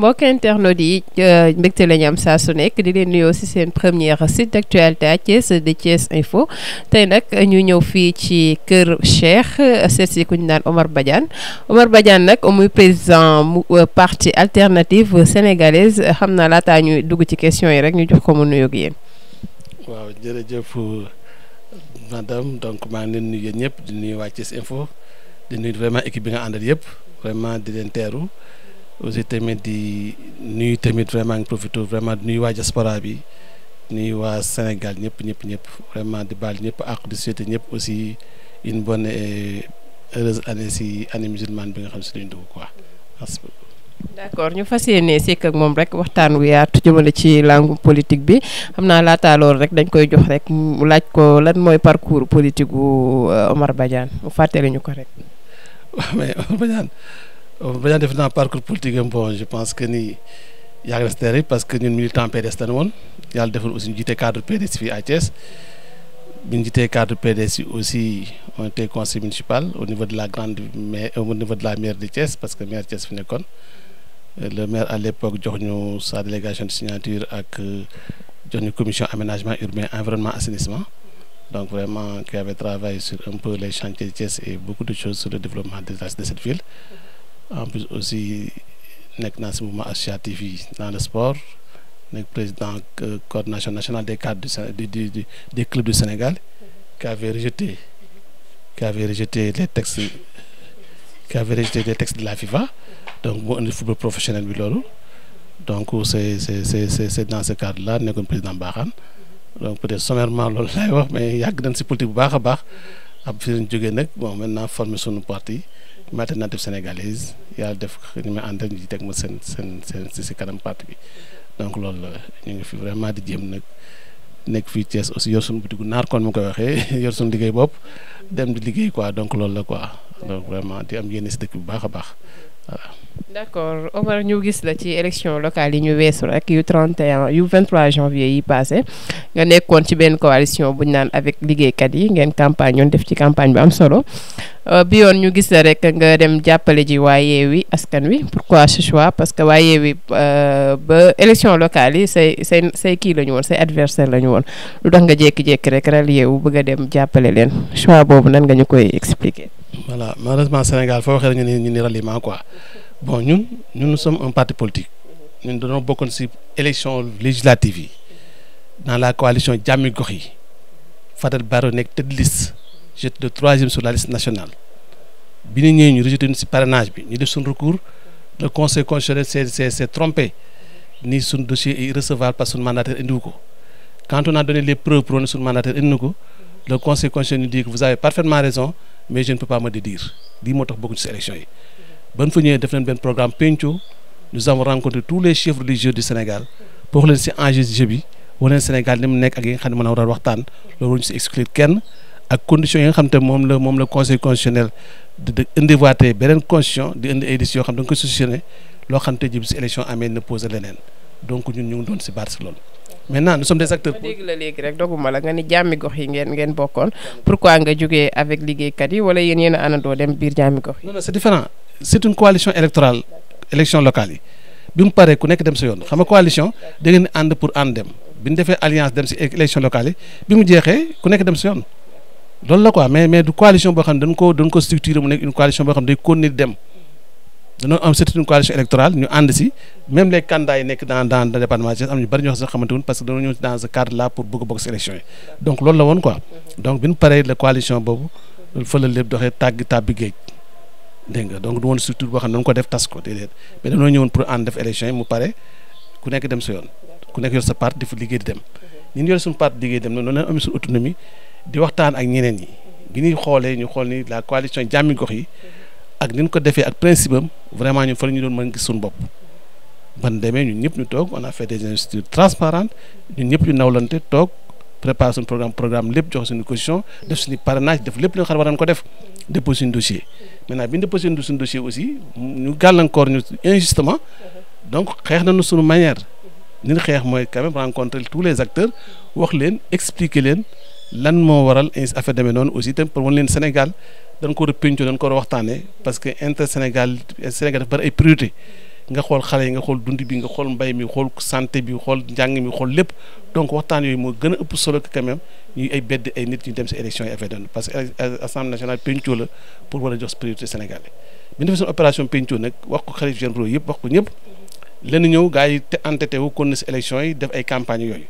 mbokk internautes yi euh, mbégte la ñu am saa su nekk di leen nuyoo si seen première site d'actualité à Thiès de Thiès Info tey nag ñu ñëw fii ci kër Cheikh seet si ku ñu naan Omar Badiane Omar Badiane nag muy président mu euh, parti alternative sénégalaise xam naa laataa ñuy dugg ci question yi rek ñu jox ko mu nuyoog yéen. waaw jërëjëf madame donc maa ngi leen nuyu yéen ñëpp di nuyu waa Thiès Info di nuyu vraiment équipe bi nga àndal yëpp vraiment di leen teeru. aussi tamit di nuyu tamit vraiment profito vraiment di nuyu waa diaspora bi nuyu waa Sénégal ñëpp ñëpp ñëpp vraiment di baal ñëpp ak di souhaiter ñëpp aussi une bonne et heureuse année si année musulmane bi nga xam si lañu dugg quoi. d' accord ñu fas yéene sekk ak moom rek waxtaan wu yaatu jëmale ci langue politique bi xam naa laataa loolu rek dañ koy jox rek mu laaj ko lan mooy parcours politique gu euh, Omar Badiane mu fàttali ñu ko rek. bañaa def naa parcours politique am bon je pense que ni yàgg na si terrain parce que ñun militant PDS la woon yàlla defal aussi ñu jiite cadre PDS fii à Thiès bi ñu jiitee cadre PDS yi aussi on était conseil municipal au niveau de la grande maire euh, au niveau de la maire de Thiès parce que maire Thiès fi nekkoon euh, le maire à l'époque jox ñu sa délégation de signature ak euh, jox ñu commission aménagement urbain environnement assainissement donc vraiment qui avait travaillé sur en plus aussi nekk naa si mouvement associatif yi dans le sport nekk président euh, coordination nationale des cadres du du des clubs du Sénégal qui avait rejeté qui avait rejeté les textes qui avait rejeté les textes de la FIFA donc mu indi football professionnel bi loolu donc c'est c'est c'est c'est dans ce cadre là nekkoon président Mbaxaan donc peut-être sommairement loolu laay wax mais yàgg nañ si politique bu baax a baax ab fi lañ jógee nag bon maintenant former sunu parti. ma alternative sénégalaise yàlla def ni ma àndal ñu teg ma seen seen seen si si kanam parti bi donc loolu la ñu ngi fi vraiment di jéem nag nekk fii Thiès aussi yor suñu butigu naar kon mu koy waxee yor suñu liggéey bopp dem di liggéey quoi donc loolu la quoi donc vraiment di am yéene si dëkk bu baax a baax voilà. d'accord Omar ñu gis la ci élection locale yi ñu weesu rek yu 31 yu 23 janvier yi passé nga nekkoon ci benn coalition bu ñu naan avec kat yi ngeen campagne yoon def ci campagne bi am solo euh, bi yoon ñu gis la rek nga dem jàppale ji waaye wi Askan Wi pourquoi ce choix parce que waa Yewwi euh, ba élection locale yi say say say kii lañu ñu woon say adversaire la ñu woon lu tax nga jékki rek rel yeewu bëgg a dem jàppale leen boobu nan nga ñu koy expliquer. voilà malheureusement Sénégal foo waxee ñu ni ñu ni ralliement quoi bon ñun ñun nous sommes un parti politique ñun dañoo bokkoon ci élection législative yi dans la coalition Jàmmi Gox yi Fadel Barro nekk tête de liste j'étais le troisième sur la liste nationale bi ñu ñëwee ñu rejeté ñu ci parrainage bi ñu def suñu recours le conseil constitutionnel ce s'est s'est trompé ni suñu dossier est irrecevable parce que suñu mandataire indiwu ko quand on a donné les preuves pour ne suñu le conseil constitutionnel dit que vous avez parfaitement raison mais je ne peux pas me dédire lii moo tax bokkuñ ci élection yi ban fa ñëwee def nañ benn programme penco nous avons rencontré tous les chefs religieux du Sénégal pour leen ci enjeu jeu bi Sénégal ni mu nekk ak yi xam ne mën a war a waxtaan loolu ñu ci exclure kenn ak conditions yi nga xam te moom la moom la conseil constitutionnel di indivoité beneen constitution di indi édition yoo xam da nga ko solutionné loo xam te ji bi ci élection leneen donc ñun ñu ngi doon ci baat ci loolu maintenant nous sommes des acteurs. ma dégg la léegi rek doguma la nga ni jàmmi gox yi ngeen ngeen bokkoon pourquoi nga jógee avec liggéeykat yi wala yéen yéen a àndandoo dem biir jàmmi gox yi. non non c'est différent c'est une coalition électorale élection locale yi bi mu paree ku nekk dem sa yoon xam coalition da ngeen ànd pour ànd dem bi defee alliance dem si élection locale yi bi mu jeexee ku nekk dem sa yoon loolu la quoi mais mais du coalition boo xam ne ko dañ dem. dañoo am c'est coalition électorale ñu ànd si même les candidats nekk dans dans le am ñu bari ñoo xam ne xamante wuñ parce que dañoo ñëw dans ce cadre là pour bëgg bokk si élection yi donc loolu la woon ko def tas ko déedéet mais dañoo ñëwoon pour yoon ku part liggéey dem noonu la amee suñu autonomie di waxtaan ak ñeneen ñi bi ñuy ñu xool ni la coalition jàmmi gox yi ak ni ko defee ak principe am vraiment ñun fa ñu doon mën gis suñu bopp ban demee ñun ñëpp ñu toog on a fait des investitures transparentes ñun ñëpp ñu nawlante toog préparé suñu programme programme lépp jox suñu position def suñu parrainage def lépp li nga xam ne war nañ ko def déposé suñu dossier maintenant bi ñu déposé suñu aussi ñu gàllankoor ñu injustement donc xeex nañu suñu manière li ñu xeex mooy quand même rencontrer tous les acteurs wax leen expliquer leen lan moo waral affaire demee noonu aussi tam pour leen Sénégal dañ ko war a péncoo dañ ko war a waxtaanee parce que inter Sénégal Sénégal dafa bari ay priorité nga xool xale yi nga xool dund bi nga xool mbay mi xool santé bi xool njàng mi xool lépp donc waxtaan yooyu moo gën a ëpp solo quand même ñuy ay bedd ay nit ñu dem si élection yi affaire parce que assemblée nationale péncoo la pour war a jox priorité Sénégal bi ñu defee seen opération péncoo nag wax ko xalif généraux yëpp wax ko ñëpp lenn ñëw gars yi te entêté wu kon na si yi def ay campagne yooyu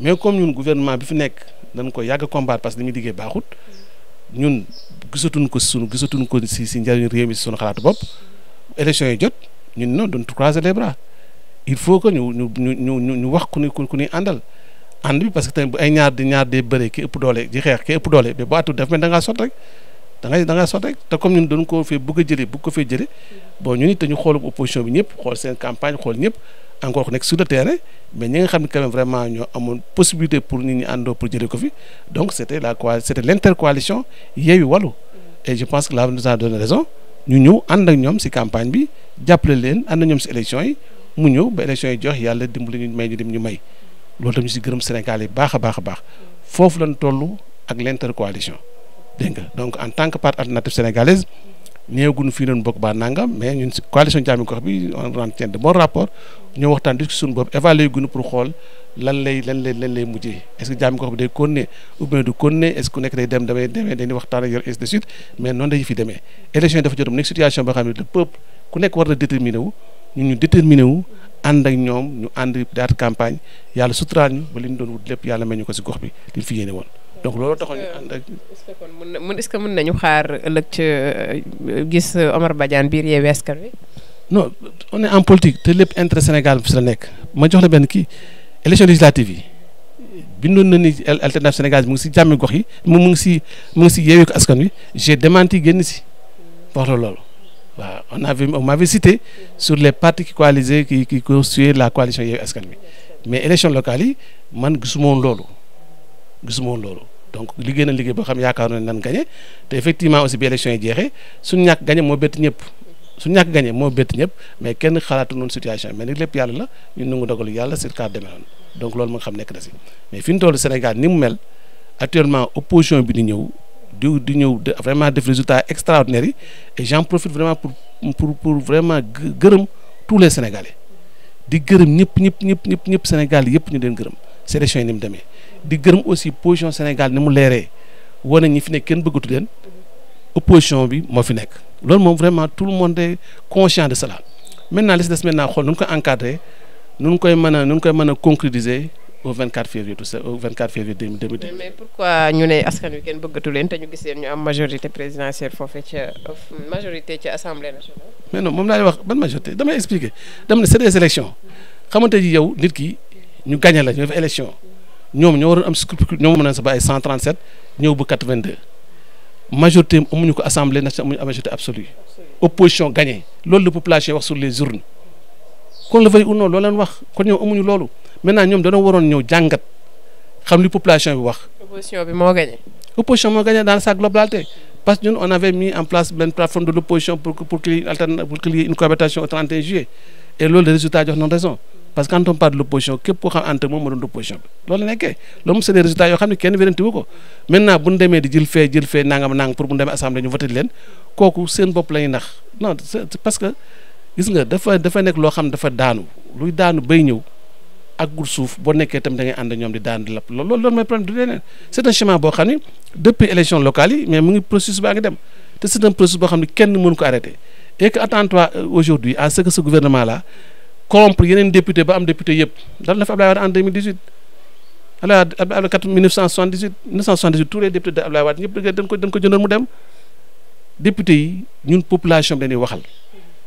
mais comme ñun bi fi nekk dañ ko yàgg combattre parce que li muy ñun gisatuñ ko sunu gisatuñ ko si si njëriñu réew mi si sunu xalaatu bopp élection yi jot ñun non duñ croiser les bras il faut que ñu ñu ñu ñu ñu wax ku ni ku ni àndal ànd bi parce que tamit ay ñaar di ñaar dee bëree ki ëpp doole ji xeex ki ëpp doole mais bu atul def mel da ngaa sot rek da ngay da ngaa sot te comme ñun dañ ko fee bëgg a jëlee bëgg ko fee jëlee bon ñun it te ñu xoolum opposition bi ñëpp xool seen campagne xool ñëpp. encore nekk sur le terrain mais ñi nga xam ne quand même vraiment ñoo amoon possibilité pour nit ñi àndoo pour jëlee ko fi donc c' la quoi c' était l' intercoalition Yewwi Wallu et je pense que là nous a donné raison ñu ñëw ànd ak ñoom si campagne bi jàppale leen ànd ak ñoom si élection yi mu ñëw ba élection yi jox yàlla dimbali ñu may ñu dem ñu may loolu tam ñu si gërëm Sénégal yi baax a baax a baax foofu lañ toll ak l' intercoalition dégg nga donc en tant que parti alternative sénégalaise. ñëwaguñu fii doon bokk baa nangam mais ñun si coalition Jàmmi Gox bi on entretient de bon rapport ñoo waxtaan discussion boobu évaluer guñu pour xool lan lay lan est-ce que Jàmmi Gox bi day continuer ou bien du continuer est-ce que ak mais noonu lay fi demee élection yi dafa jotom nekk situation boo xam ne ñoom ñu ànd daat campagne yàlla suturaal ñu ba li ñu doon wut lépp yàlla may ñu ko si gox bi li ñu fi yéene woon donc loolu taxoon ñu mun na mun est-ce que mun nañu xaar ëllëg ca euh, gis Omar Badiane biir Yewwi Askan Wi. non on est en te lépp intere Sénégal bi nekk ma jox la benn kii élection législative yi bindoon na ni alternance Sénégal bi mu ngi si jàmmi gox yi mu ngi si mu ngi si Yewwi Askan Wi j'ai démenti génn si wax loolu. waaw on avait on cité sur les partis qui coalisaient qui qui la coalition Yewwi Askan Wi mais élection local yi man gisuma woon loolu. gisuma woon loolu donc liggéey nañ liggéey boo xam yaakaar na nan gagné te effectivement aussi bi élection yi jeexee moo bett ñëpp su ñàkk gagné moo bett ñëpp mais kenn xalaatu noonu situation mais nag lépp yàlla la ñun nangu dogalu yàlla sur cadre demee noonu donc loolu ma nga xam nekk na si mais fi ñu toll Sénégal ni mu mel actuellement opposition bi ni ñëw di di ñëw vraiment def résultat extraordinaire yi et j'en profite vraiment pour pour pour vraiment gërëm tous les Sénégalais di gërëm ñëpp ñëpp ñëpp ñëpp ñëpp Sénégal yëpp ñu leen gërëm sélection yi ni demee di gërëm aussi position Sénégal ni mu leeree wane ñi fi nekk kenn bëggatu leen opposition bi moo fi nekk loolu moom vraiment tout le monde est conscient de cela maintenant li si des maintenant xool nu koy encadré nu ñu koy mën a nu ñu koy mën a concrétiser au 24 février tout ça au 24 février 2022. mais pourquoi ñu ne leen te gis leen am majorité présidentielle foofee ca majorité ci assemblée nationale. mais non moom laay wax ban majorité damay expliquer dama ne c'est des élections xamante ji yow nit ki ñu gagné la ñu def élection. ñoom ñoo waroon am scrupule ñoom mën a sa ba ay 137 ñëw ba 82 majorité amuñu ko assemblée nationale amuñu majorité absolue opposition loolu la population wax sur les urnes kon la veuille ou non loo leen wax kon ñoom amuñu loolu maintenant ñoom dañoo waroon ñëw jàngat xam li population bi wax. opposition bi moo gagné. opposition sa globalité parce que ñun on avait mis en place benn plateforme de l' opposition pour que pour cohabitation au 31 juillet et loolu le résultat jox nañ raison. parce que quand on parle de l'opposition képp koo xam entre moom moo doon opposition bi loolu nekkee loolu yoo xam ne kenn wérante wu ko maintenant bu ñu demee leen kooku seen bopp la ñuy parce que gis nga dafa dafa nekk loo xam dafa daanu luy daanu bay ñëw ak gur suuf boo nekkee tam da ngay ànd ñoom di daan di lapp loolu loolu mooy problème du leneen c'est un chemin boo xam ne depuis élection locale yi mais mu ngi processus baa ngi dem te c'est un processus boo xam ne kenn mënu ko arrêter et que attends-toi euh, à ce que corrompre yeneen député ba am député yëpp dal na fi Ablaye Wade en 2018 Ablaye Wade Ablaye Wade 1978 1978 tous les députés de Ablaye Wade ñëpp dañ ko ko jëndoon mu dem député yi ñun population bi la ñuy waxal.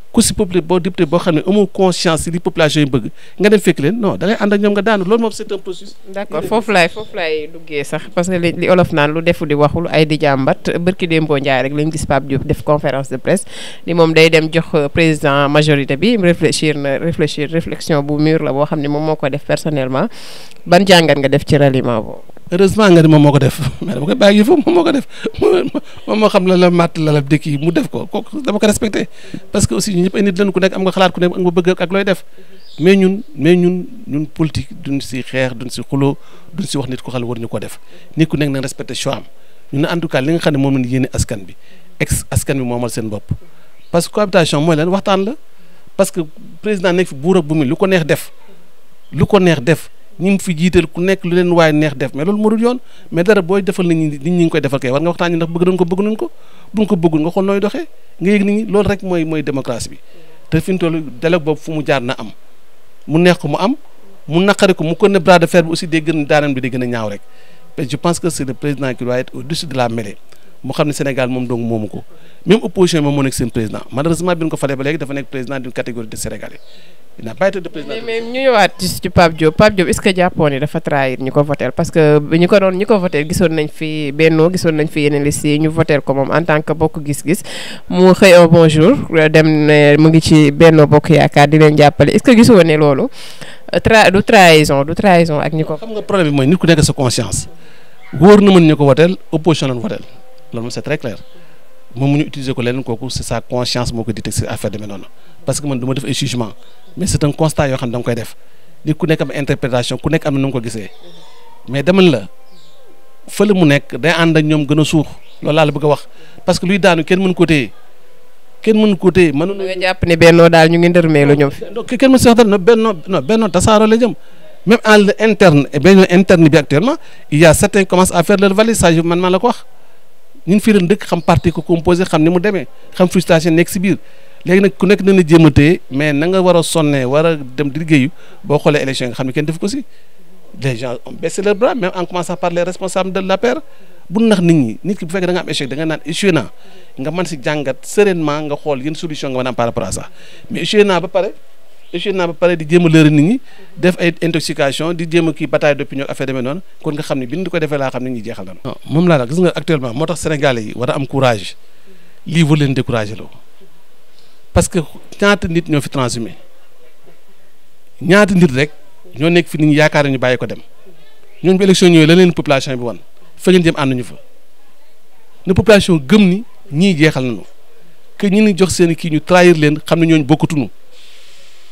ku si peuple boo député boo xam ne amoo conscience si li population yi bëgg nga dem fekk leen non da ngay ànd ak ñoom nga daanu loolu moom c'est un processus. d'accord foofu laay foofu laay duggee sax parce que li olof naan lu defu di waxul ay di jàmbat bërki démboo njaay rek lañ gis Pape Diop def conférence de presse ni moom day dem jox euh, président majorité bi réfléchir na réfléchir réflexion bu mûr la boo xam ne moom moo ko def personnellement ban jàngat nga de ci ralliement boobu. heureusement nga moom moo ko def mais dama koy bàyyi foofu moo ko def moom moo xam la la matt la la mu def ko kooku dama ko respecté parce que aussi ñu ñëpp ay nit ku nekk am nga xalaat ku nekk am nga bëgg ak looy def mais ñun mais ñun ñun politique duñ si xeex duñ si xuloo duñ si wax nit ko xal war ñu ko def nit ku nekk na respecté choix am ñu ne en tout cas li nga xam ne moom la ñu yéene askan bi ex askan bi moomal seen bopp parce que cohabitation mooy lan waxtaan la parce que président nekk buur bu mu lu ko neex def lu ko neex def ñi mu fi jiital ku nekk lu leen waaye neex def mais loolu moo dul yoon mais dara booy defal nit ñi nit ñi koy defal kay war nga waxtaan ñi ndax bëgg nañ ko bëgg nañ ko bu ko bëggul nga xool nooy nga yëg nit loolu rek mooy mooy démocratie bi te fi mu toll dialogue boobu fu mu jaar na am mu neex ko mu am mu naqari ko mu ko ne bras de fer bi aussi day gën daanam bi day gën a ñaaw rek je pense que c'est le président qui doit être au-dessus de la mu xam ne il n'a pas été de président. mais ñu ñëwaat ci Pape Diop Pape Diop est-ce que jàppoon ni dafa trahir ñu ko votel parce que ñu ko doon ñu ko votel gisoon nañ fi Benno gisoon nañ fi yeneen liste yi ñu votel ko moom en tant que bokk gis-gis mu xëy au bonjour dem mu ngi ci Benno Bokk Yaakaar di leen jàppale est-ce que gisoo ne loolu tra du trahison du trahison ak ñi ko. xam nga problème bi mooy nit ku nekk sa conscience wóor na mën ñu ko votel opposition lañ votel loolu moom c'est moom mu ñu utiliser ko leneen kooku c'est sa conscience moo ko dicté si affaire demee noonu parce que man du def ay jugement mais c'est un constat yoo xam ne koy def nit ku nekk am interprétation ku nekk am na nu ko gisee mais dama la fële mu nekk day ànd ak ñoom gën a suux la bëgg a wax parce que luy daanu kenn mënu ko téye kenn mënu ko téye mënu. nga jàpp ne bennoo daal ñu ngi ndërmeelu ñoom. kenn dara bennoo la interne bennoo bi actuellement il y a certains commencent à faire man maa la ko wax. ñun fii leen dëkk xam parti ko composé xam ni mu demee xam frustration nekk si biir léegi ku nekk dana jéem a téye mais na nga war a sonne war a dem di liggéeyu boo xoolee élection yi nga xam kenn def ko si les gens ont baissé les bras même par les responsables de l'APR bu nax nit ñi nit ki bu fekkee da nga am échec da nga naan échoué naa nga mën si jàngat sereinement nga xool yéen solution nga mën am par rapport à ça mais échoué naa ba pare échoué naa ba pare di jéem a lëre nit ñi def ay intoxication di jéem a kii bataille d'opinion affaire deme noonu kon nga xam ne bi ñu ko defee laa xam ne ñuy jeexal nañu. moom a am lii war leen découragé loo parce que ñaata nit ñoo fi transhumé ñaata nit rek ñoo nekk fi nit ñi yaakaar ñu bàyyi ko dem ñooñu bi élection ñëwee la population bi wan fa ngeen jëm ànd ñu fa ne population gëm ni ñii jeexal nañu que ñi ni jox seen kii ñu trahir leen xam ne ñooñu bokkatuñu.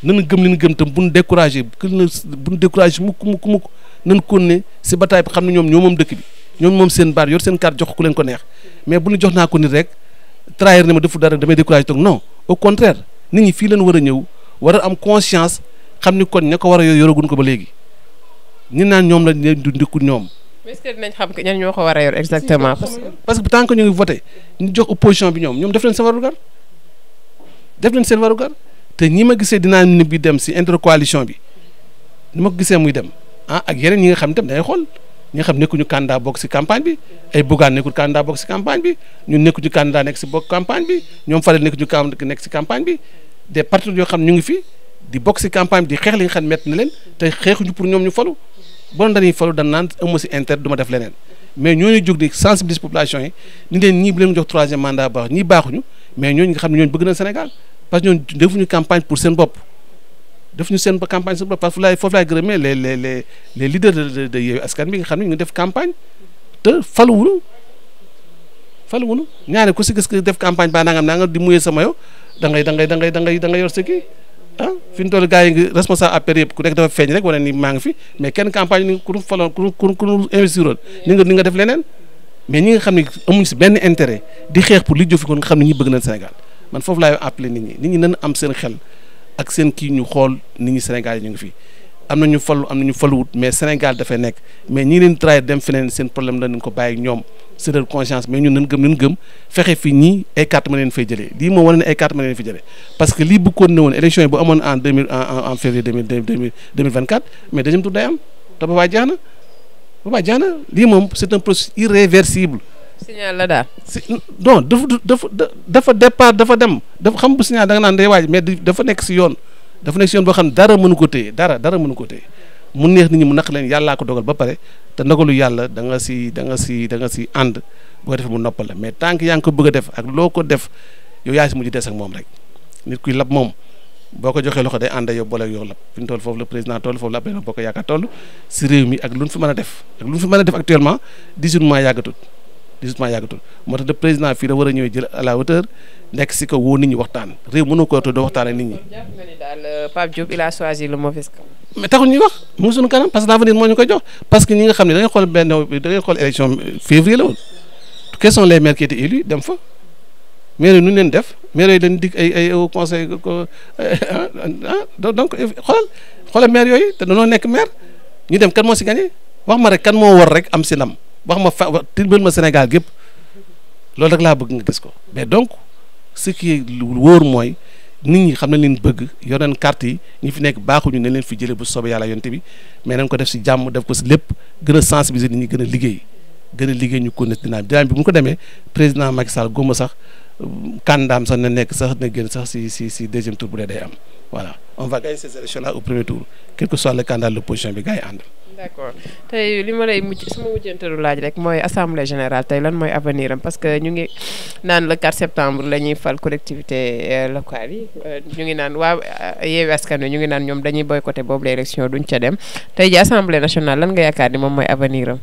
nan gëm li ñu gëm tam bu ñu découragé bu ñu découragé mukk mukk mukk nan kon ne si bataay bi xam ne ñoom ñoom moom dëkk bi ñoom moom seen baar yor seen carte jox ku leen ko neex mais bu ñu jox naa ko nit rek trahir ne ma defu dara damay découragé toog non au contraire nit ñi fii leen war a ñëw war a am conscience xam ni kon ña ko war a yoraguñ ko ba léegi ñi naan ñoom la ñu du ndikku ñoom. mais est-ce que dinañ ñoo ko war a yor exactement. parce que tant que ñu ngi voté ñu jox bi ñoom ñoom def leen seen leen seen warugar te ñi ma gisee dynamique bi dem si intercoalition bi ni ma gisee muy dem ah ak yeneen ñi nga xam dem day xool ñi nga xam nekkuñu candidat bokk si campagne bi ay Bougane nekkul candidat bokk si campagne bi ñun nekkuñu candidat nekk si bokk campagne bi ñoom Fadel nekkuñu candidat nekk si campagne bi des partis yoo xam ñu ngi fi di bokk si campagne bi di xeex li nga te xeexuñu pour ñoom ñu falu bon dañuy falu dan naan ëmma si intérêt du ma def leneen mais ñooñu jóg di sensibiliser population yi ni leen ñii bu leen jox troisième mandat baax ñii baaxuñu mais ñooñu nga xam ne ñooñu bëgg na Sénégal parce que ñoom defuñu campagne pour seen bopp defuñu seen campagne seen bopp parce que laay foofu laay gërëmee les les les nga xam ne def campagne te faluwuñu faluwuñu ñaare ku si gis que def campagne ba nangam nangam di muyee sama yow da ngay da yor sa kii ah, toll gars ngi responsable APR yëpp ku nekk dafa feeñ rek wane maa ngi fi mais kenn campagne ni ku nu faloon ku ku ku nu investiroon ni nga def leneen mais ñi xam ne amuñ si benn intérêt di xeex pour li jëfi kon nga xam ne ñi bëgg na Sénégal man foofu laay appelé nit ñi nit ñi nan am seen xel ak seen kii ñu xool nit ñi Sénégal yi ñu ngi fi am nañu falu am nañu faluwut mais Sénégal dafay nekk mais ñi ngi leen traité dem feneen seen problème la nañ bàyyi ñoom c'est leur conscience mais ñun nan gëm nan gëm fexe fi ñii ay ma leen fay jëlee lii moom wane ne ay ma leen fi jëlee parce que lii bëggoon ne woon élection yi bu amoon en deux en février deux mille deux mille vingt quatre mais deuxième tour day am te boobaa jeex na boobaa jeex na lii signal la daal. si non dafa dafa dafa départ dafa dem dafa xam bu signal da nga naan day waaj mais dafa nekk si yoon dafa nekk si yoon boo xam dara mënu ko téye dara dara mënu ko téye mu neex nit ñi mu naq leen yàllaa ko dogal ba pare te ndogalu yàlla da nga si da nga si da nga ànd boo defee mu noppal la mais tant que ko bëgg a def ak loo ko def yow yaa si mujj des moom rek nit kuy lab moom. boo ko joxee loxo day ànd yow boole yow la fi ñu toll foofu la président toll foofu la ak lu ñu fi a def ak lu mën a def actuellement 18 mois yàggatut di mois yàggatul moo tax de président fii da war a ñëwee jël à nekk si ko woo nit ñi waxtaan réew mënoo ko doo waxtaan la nit ñi. jàpp nga ni daal euh, Pape Diop il a choisi le mauvais camp. ñuy wax mu suñu kanam parce que l'avenir moo ñu koy jox parce que ñi nga xam ne da ngay xool benn da ngay xool élection euh, février la woon quels sont les maires qui étaient dem fa maire yi nu leen def maire yi dañu dig ay ay au conseil euh, ah, ah, donc xoolal xoolal maire yooyu te danoo nekk maire ñu dem kan moo si gagné wax ma rek kan moo war rek am si ndam. wax ma fa tirbal ma Sénégal gépp loolu rek laa bëgg nga gis ko mais donc ce qui est wóor mooy nit ñi xam nañ leen bëgg yor nañ carte yi ñi fi nekk baaxuñu ne leen fi jëlee bu soobee yàlla yonte bi mais nañ ko def si jàmm def ko si lépp gën a sensibiliser nit ñi gën a liggéey gën a liggéey ñu connaître dynamique dynamique bi bu ñu ko demee président Macky Sall góoma sax kandaam sax na nekk sax na génn sax si si si deuxième tour bu dee day am voilà on va gagner ces élections là au premier bi gars yi d'accord tey li ma lay mujj sama mujjantalu laaj rek mooy assemblée général tey lan mooy avenir am parce que ñu ngi naan le 4 septembre lañuy ñuy fal collectivité euh, locale yi euh, ñu ngi naan waa euh, Yewwi Askan ñu ngi naan ñoom dañuy boycotté boobu la élection duñ ca dem tey ji assemblée nationale lan nga yaakaar ni moom mooy avenir am.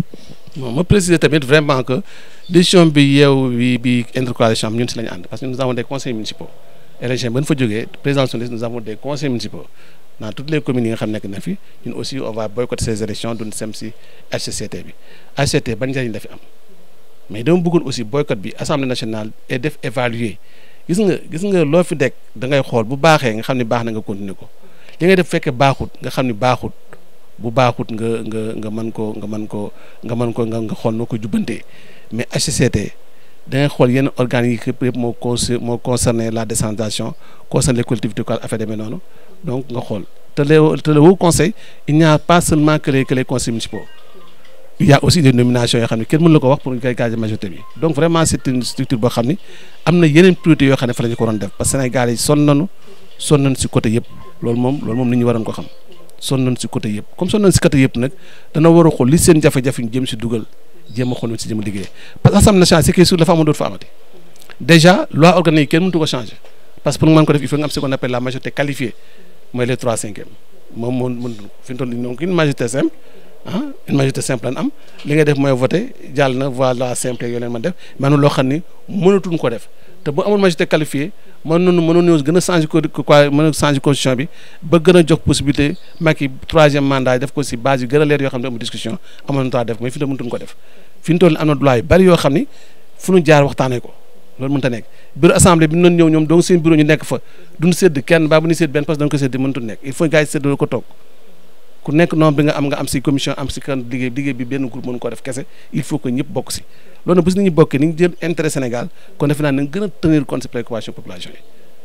bon tamit vraiment que décision bi Yewwi bi intercoalition am ñun si la ñu parce que nous avons des conseils municipaux élection dans toutes les communes yi nga xam nekk na fi ñun aussi on va boycotter ces élections duñ sem si HCCT bi HCCT ban njëriñ la fi am mais dama bëggoon aussi boycott bi assemblée nationale et def évaluer gis nga gis nga loo fi dekk da ngay xool bu baaxee nga xam ne baax na nga continuer ko li ngay def fekkee baaxut nga xam ni baaxut bu baaxut nga nga nga mën ko nga mën ko nga mën ko nga xool noo ko jubbantee mais HCCT da ngay xool yenn organes yi yëpp yëpp moo moo concerné la décentralisation concerné les collectivités locales affaire demee noonu donc nga xool te le te le Haut Conseil il n'y a pas seulement que les que les aussi des nominations yoo xam ne kenn mën ko wax pour ñu koy gager majorité donc vraiment c'est structure boo xam ni am na yeneen priorité yoo xam ne fa la ñu ko doon def parce que Sénégal yi sonn nañu sonn nañu si côté yëpp loolu moom loolu moom nit ñi waroon ko xam sonn nañu si côté yëpp comme sonn nañu yëpp nag dana war a seen jafe-jafe ñu jëm jéem a xool wut si jéem a liggéey parce que assemblée nationale ce qui est sûr dafa amoon dootu fa déjà loi organique kenn mëntu ko changer parce que pour nga ko def il faut nga am ce appelle la majorité qualifiée mooy les trois cinquièmes moom moo mën fi mu toll nii donc une majorité simple ah une majorité simple am li ngay def mooy voté jàll na voie la simple yooyu ma mën def maanaam loo xam ni mënatuñ ko def. te bu amoon majorité qualifiée mën nañu mënoon ñëw gën a changer code a changer constitution bi ba gën a jox possibilité Macky troisième mandat def ko si base yu gën leer yoo xam ne amul na def mais fi mu mënutuñ ko def fi mu am na droit bari yoo xam ni fu ñu jaar waxtaanee ko loolu mënta nekk bureau assemblée bi ñu nekk fa duñ sédd kenn baa bu ñu sédd benn parce que dañ ko sédd mënutu nekk il faut gars yi ko toog ku nekk nombre bi nga am nga am si commission am si kan liggéey liggéey bi benn groupe mënu ko def kese il faut que ñëpp bokk si loolu nag bu si nit ñi bokkee ni ñu jël intérêt Sénégal kon defe naa nañ gën a tenir compte si préoccupation population yi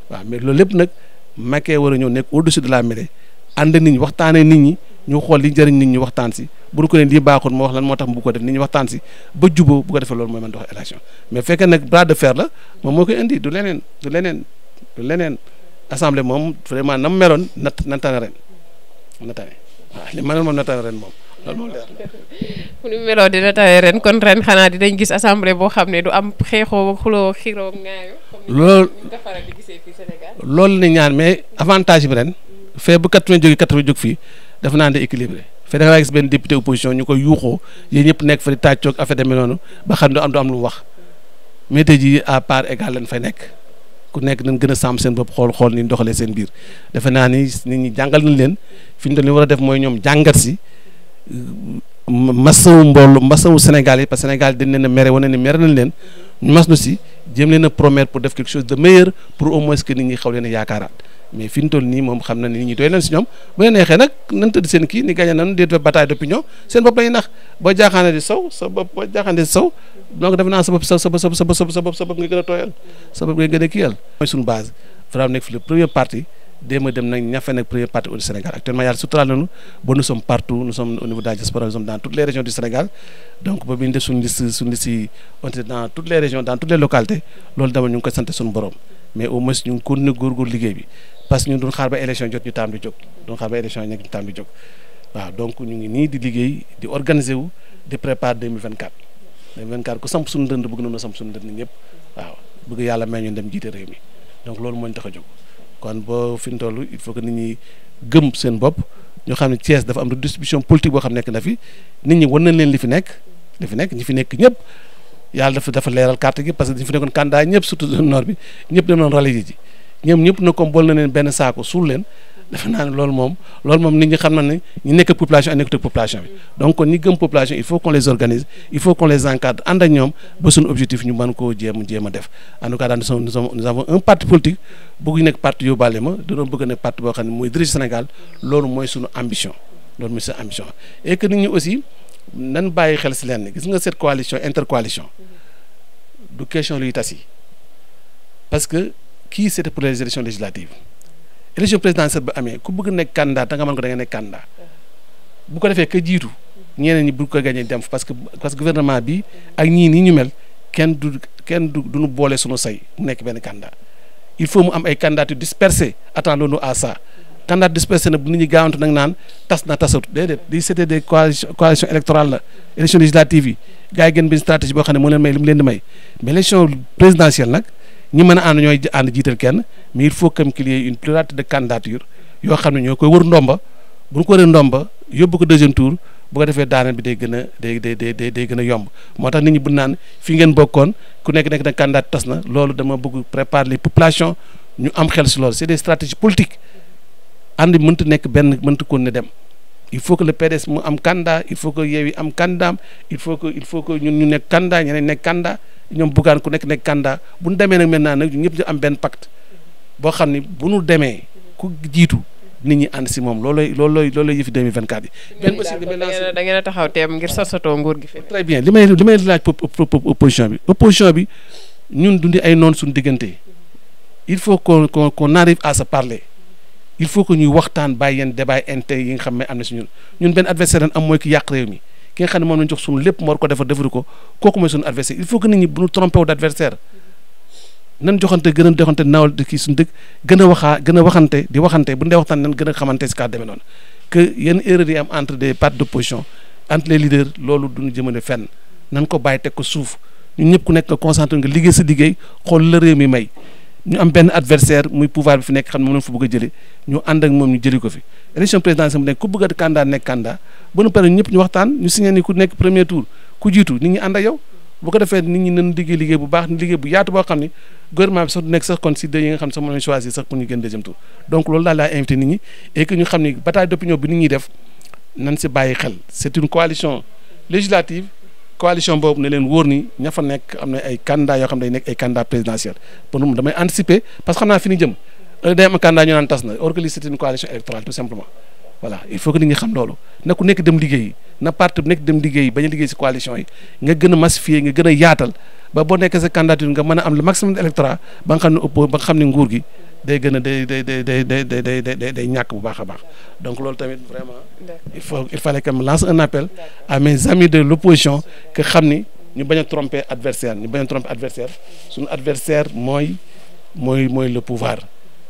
waaw mais loolu nekk au dessus de nit ñi waxtaanee nit waxtaan si bu ko ne lii baaxoon moo wax lan moo tax mu ko def nit ñi waxtaan si ba juboo bu ko defee loolu mooy mën dox élection mais fekkee nag bras de fer la moom moo koy indi du leneen du leneen du assemblée moom vraiment nam meloon nat na tane ren na waaw ah, li ma ne moom na taw ren moom loolu moom leer na. fu ñu meloo dina tawee ren kon ren xanaa dinañ gis assemblée boo xam ne du am xeexoo xuloo xiroo ŋaayoo. loolu di gisee fii Sénégal. loolu la ñuy ñaan mais avantage bi ren. fee bu 80 jógee 80 jóg fii def naa ne équilibré fee da ngay gis benn député opposition ñu koy yuuxoo yéen ñëpp nekk fa di tàccoog affaire demee noonu ba xam du am du am lu wax mais tey jii à part égal leen fay nekk. ku nekk dañ gën a sàmm seen bopp xool xool ni doxalee seen biir defe naa ni nit ñi jàngal nañ leen fi ñu doon li war a def mooy ñoom jàngat si mas euh, masawu mboolu masawu Sénégal yi parce que Sénégal dañ leen a mere wane ni mere nañ leen ñu mas nu si jéem leen a promettre pour def quelque chose de meilleur pour au moise que nit ñi xaw leen a yaakaaraat mais fi ñu toll nii moom xam na ni nit ñi doy nañ si ñoom bu leen neexee nag nañ tëdd seen kii ni gagné nañ déet fa di saw sa bopp boo jaaxaane naa sa bopp sa sa sa sa bopp sa bopp nga gën a tooyal sa bopp a kiyal mooy suñu base vraiment nekk fi le premier nag ñafe nag premier parti au Sénégal dans toutes les régions dans toutes les localités loolu dama ñu ngi koy sant suñu borom mais au moins ñu ngi continuer liggéey bi parce que ñun duñ xaar ba élection jot ñu taam di jóg duñ xaar ba élection nekk ñu taam di jóg waaw donc ñu ngi nii di liggéey di organiser wu di préparer 2024 2024 ku samp suñu dënd bëgg nañu samp suñu dënd ñëpp waaw bëgg yàlla may ñu dem jiite réew loolu moo ñu tax kon boo fi toll il faut que nit ñi gëm seen bopp ñoo xam ne Thiès dafa am redistribution politique boo xam nekk na fi ñi wan nañ leen li fi nekk li fi nekk fi nekk ñëpp yàlla dafa dafa leeral dem nañ rallier ji ñoom ñëpp na comme bool na leen benn saako suul leen defe naa ne loolu moom loolu moom nit xam na ne ñu nekk population ak nekkut ak population bi donc kon ñi gëm population il faut qu'on les organise il faut qu'on les encadre ànd ak ñoom ba suñu objectif ñu mën koo jéem a def en tout cas daal nous sommes nous avons un parti politique bëgg nekk parti yóbbaale ma da doon nekk parti boo xam ne mooy dirige Sénégal loolu mooy suñu ambition loolu mooy suñu ambition et que nit ñi aussi nan bàyyi xel si leen gis nga cette coalition intercoalition du question luy tas yi parce kii c'était pour les élections législatives élection présidentielle ba amee ku bëgg nekk candidat da nga ko da nga nekk candidat bu ko defee ka jiitu ñeneen ñi bu ko gagné dem parce que parce que gouvernement bi ak ñii nii ñu kenn du kenn du duñu boole suñu say mu nekk benn candidat il faut mu am ay candidatures dispersées attendons-nous à ça candidat dispersé na bu nit ñi gaawantu nag tas na tasut déedéet li c'était des coalition électorale élection législative boo xam ne moo leen may li ñi mën a ànd ñooy ànd jiital kenn mais il faut comme qu'il y ait une pluralité de candidature yoo xam ne ñoo koy war ndomba bu ñu ko wëree ndomba yóbbu ko deuxième tour bu defee daaneel bi day gën a day day day day gën yomb moo tax nit ñi bu naan fii ngeen bokkoon ku nekk nekk na candidat tas na loolu dama bëgg préparer les populations ñu am xel si loolu c'est des stratégies politiques ànd mënta nekk benn mënta koon ne dem il faut que le PDS mu am candidat il faut que Yewwi am candidat il faut que il faut que ñun ñu nekk kandaa ñeneen nekk candidat ñoom Bougane ku nekk nekk candidat bu ñu demee nag maintenant nag ñun ñëpp ñu am benn pacte boo xam ni bu ñu demee ku jiitu nit ñi ànd si moom loolooy loolooy loolooy yëfi 2024 bi. benn li laaj da taxaw teem ngir sosatoo nguur gi fi. très bien li may li may laaj opposition bi opposition bi ñun dundi ay noon suñu diggante il faut qu'on qu'on arrive à se parler. il faut que ñuy waxtaan bàyyi yenn débat intérêt yi nga am na si ñun ñun benn adversaire lan am mooy ki yàq réew mi ki nga joxante gën a doxante naawal kii suñu gën a waxaa gën a waxante di waxante bu ñu waxtaan nan gën a xamante si kaa demee noonu que yenn erreur yi am entre des partis d' opposition entre les leaders loolu duñu jëmale fenn nan ko bàyyi teg ko suuf ñun ñëpp ku nekk nga concentré nga liggéey sa liggéey xool la mi may ñu am benn adversaire muy pouvoir bi fi nekk xam ne moom la fa bëgg a ñu ànd ak moom ñu jëli ko fi élection présidentielle mu nekk ku bëgg a candidat nekk candidat ba nu pare ñëpp ñu waxtaan ñu signé ku nekk premier tour ku jiitu nit ñi ak yow bu ko defee nit ñi liggéey liggéey bu baax liggéey bu yaatu boo xam ni gouvernement bi sax du nekk sax kon si deux yi nga xam sax mën nañu choisir sax pour ñu génn deuxième tour donc loolu laa coalition boobu ne leen wóor ni ña fa nekk am na ay candidat yoo xam ne ay candidat présidentiel pour moom damay anticiper parce que xam naa fi jëm euh, day am candidat ñu nekk dem liggéeyi na parti bu nekk dem liggéeyi bañ liggéey si coalition yi nga gën a massifier nga gën yaatal ba boo nekkee sa candidature nga mën am le maximum d'électorat ba xam ne nguur gi day gën a day day day day day day day day ñàkk bu baax a baax donc loolu tamit vraiment il faut il fallait que ma lance un appel à mes amis de l'opposition que xam ni ñu bañ a tromper adversaire ñu bañ a adversaire suñu adversaire mooy mooy mooy le pouvoir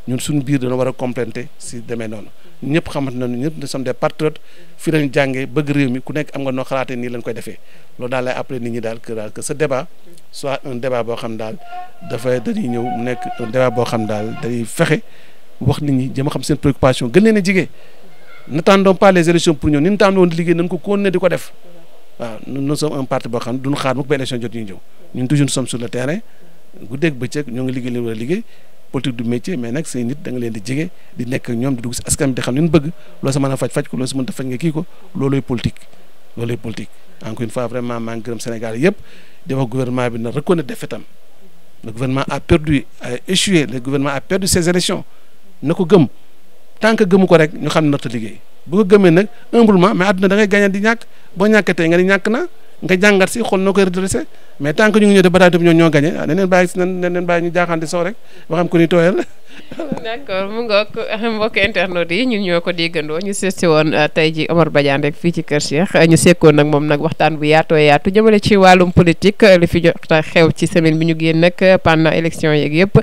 ñun suñu biir dana war a compléter si demee noonu ñëpp xamante nañu ñëpp nous sommes des patriotes fi lañu jàngee bëgg réew mi ku nekk am nga noo xalaatee nii lañ koy defee loolu daal lay appelé nit ñi daal que daal que ce débat soit un débat boo xam daal dafay dañuy ñëw nekk un débat boo xam daal dañuy fexe wax nit ñi jëm a xam seen préoccupation gën leen a jigee n'attendons pas les élections pour ñëw ni ñu tànn woon di liggéey nañ ko continuer di ko def waaw nous sommes un boo xam ne duñu xaar mukk ba élection jot ñuy ñëw ñun toujours nous sommes sur le terrain bëccëg ñoo ngi liggéey li war a liggéey politique du métier mais nag say nit da nga leen di jege di nekk ak ñoom di dugg si askan bi di xam li bëgg loo sa mën a faj faj ko a faj nga kii ko loolooy politique loolooy politique encore une fois vraiment maa ngi gërëm Sénégal yëpp di wax gouvernement bi na reconnaître défaitam le gouvernement a perdu a échoué le gouvernement a perdu ses élections na ko gëm tant que gëmu ko rek ñu xam ne narta liggéey bu ko gëmee nag ma mais àdduna da ngay gagné di ñàkk boo ñàkkee tey nga ni ñàkk na nga jàngat si xool noo koy redressé mais tant que ñu ngi ñëw de bataay bi ñoo ñoo gagné ah nañ ñu jaaxaante soo rek ba xam ku ni tooyal. d'accord mu ngoog mbokk internautes yi ñun ñoo ko déggandoo ñu seet si woon euh, tey ji Omar Badiane rek fii ci Kër Cheikh euh, ñu sekkoon nag moom nag waxtaan bu yaatoo yaatu jëmale ci wàllum politique euh, li fi jot ta xew ci semaine bi ñu génn nag pendant élection yeeg yëpp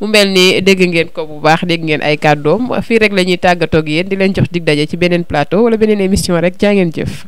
mu mel ni dégg ngeen ko bu baax dégg ngeen ay kàddoom fii rek la ñuy tàggatoo yéen di leen jox dig daje ci beneen plateau beneen émission rek jaa ngeen jëf